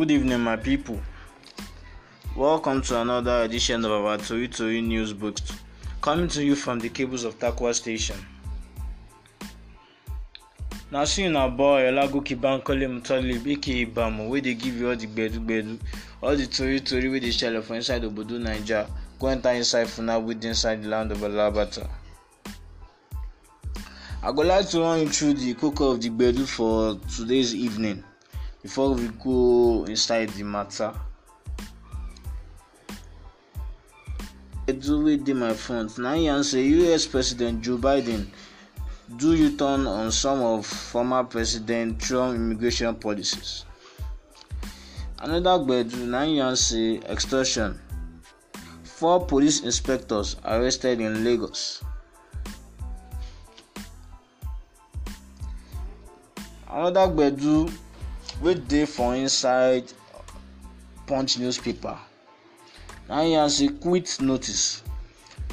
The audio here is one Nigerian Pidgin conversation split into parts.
Good evening, my people. Welcome to another edition of our Tori Tori News Books, coming to you from the cables of Takwa Station. na so na boy olagoke bankole mutolib aka ibamu wey dey give you all the gbedugbedu all the tori-tori wey dey shele for inside obodo naija go enter inside funa with inside the land of alabata. i go like to run you through the koko of the gbedu for today's evening before we go inside the matter edu my front na yarn say us president joe biden do u-turn on some of former president trump immigration policies another gbedu na yarn say extortion four police inspectors arrested in lagos. another gbedu wey dey for inside punch newspaper na im yarn say quit notice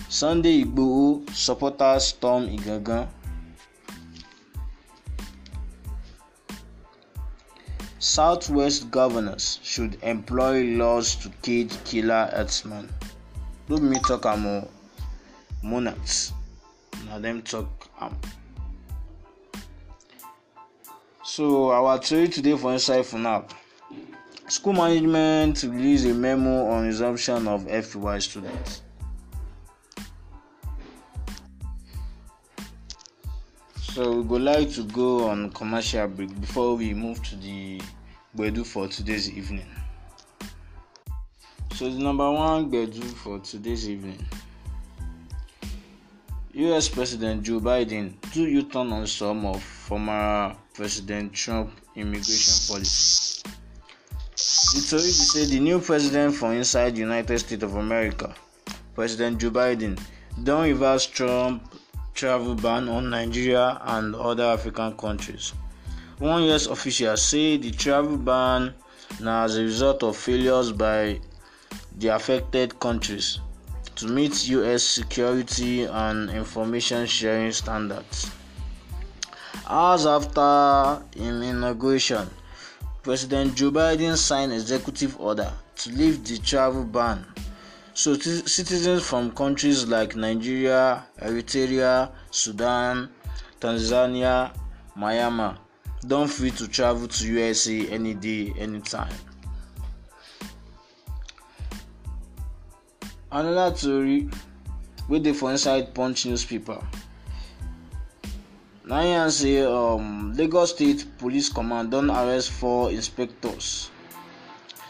sunday igboro supporters storm igangan southwest governors should employ laws to cage killer herdsmen no be me talk am o monarchs na dem talk am. So our theory today for inside for now. School management release a memo on resumption of FY students. So we would like to go on commercial break before we move to the Gbedu for today's evening. So the number one Gbedu for today's evening. US President Joe Biden do U-turn on some of former President Trump immigration policy. The Tories say the new president from inside the United States of America, President Joe Biden, don't reverse Trump travel ban on Nigeria and other African countries. One US official say the travel ban now as a result of failures by the affected countries to meet US security and information sharing standards. Hours after an inauguration, President Joe Biden signed executive order to lift the travel ban so citizens from countries like Nigeria, Eritrea, Sudan, Tanzania, Myanmar don't free to travel to USA any day, anytime. Another story wey dey for inside Punch newspaper na say um, lagos state police command don arrest four inspectors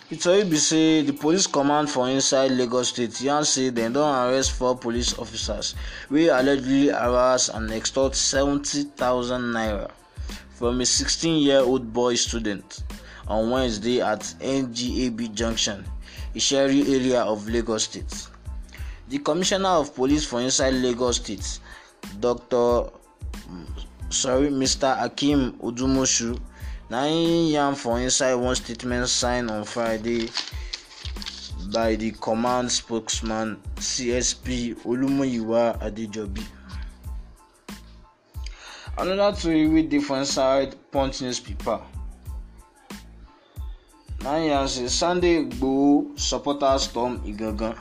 di tori be say the police command for inside lagos state yarn say dem don arrest four police officers wey allegedly harass and extort 70000 naira from a 16-year-old boy student on wednesday at ngab junction isheri area of lagos state di commissioner of police for inside lagos state dr sorry mr akeem odumoshu na im yarn for inside one statement signed on friday by di command spokesman csp olumuyiwa adejobi anoda tori wey dey for inside punch newspaper na im yarn say sunday igboro supporter storm igangan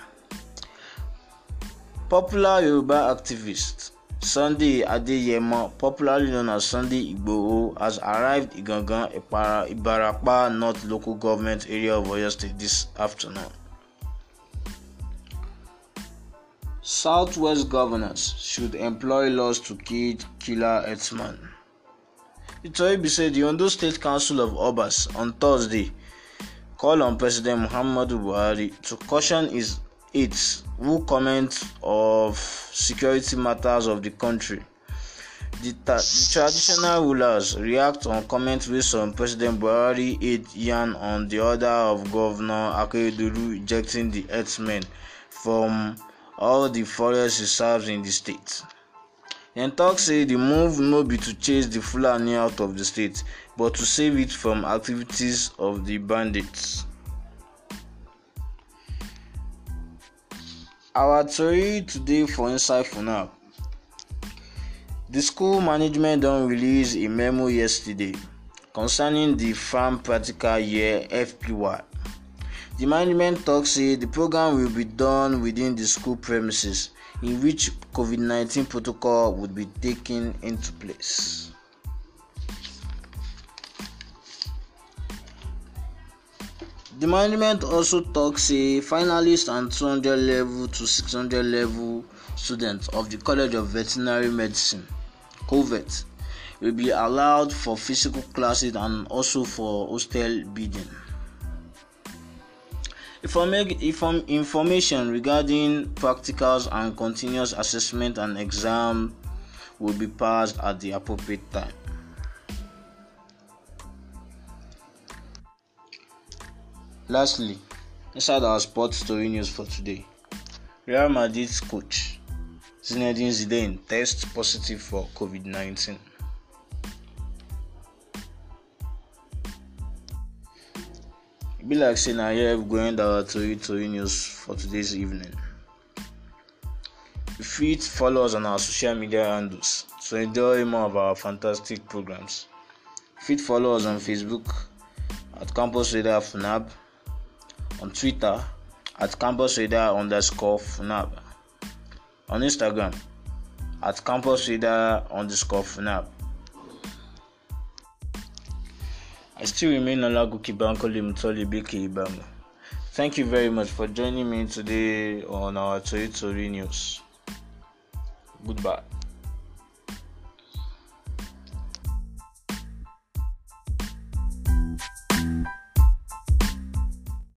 popular yoruba activist Sunday Adeyemo, popularly known as Sunday Igboho, has arrived Igangan, Ibarapa North local government area of Oyo State this afternoon. Southwest governors should employ laws to kill killer herdsmen. Itoibi said the Ondo State Council of Obas on Thursday called on President Muhammadu Buhari to caution his 8. Will comment of security matters of the country. The, ta- the traditional rulers react on comments based on President Buhari aid yarn on the order of Governor Akeredolu ejecting the herdsmen from all the forest reserves in the state. dem tok say di move no be to chase di fulani out of di state but to save it from activities of di bandits. Our Tori today for Inside for now. The school management don't release a memo yesterday concerning the farm practical year FPY. The management talk say the program will be done within the school premises in which COVID-19 protocol would be taken into place. The management also talks a finalist and 200 level to 600 level students of the College of Veterinary Medicine (COVET) will be allowed for physical classes and also for hostel bidding. Inform- information regarding practicals and continuous assessment and exam will be passed at the appropriate time. Lastly, inside our sports story news for today, Real Madrid's coach Zinedine Zidane tests positive for COVID-19. It be like saying I here you our story news for today's evening. You fit follow us on our social media handles to enjoy more of our fantastic programs. You fit follow us on Facebook at Campus Radar FNAB on Twitter at Campus underscore FNAB, on Instagram at Campus underscore FNAB. I still remain Olagu Kibanko Limtoli Biki Ibanga. Thank you very much for joining me today on our Tori News. Goodbye.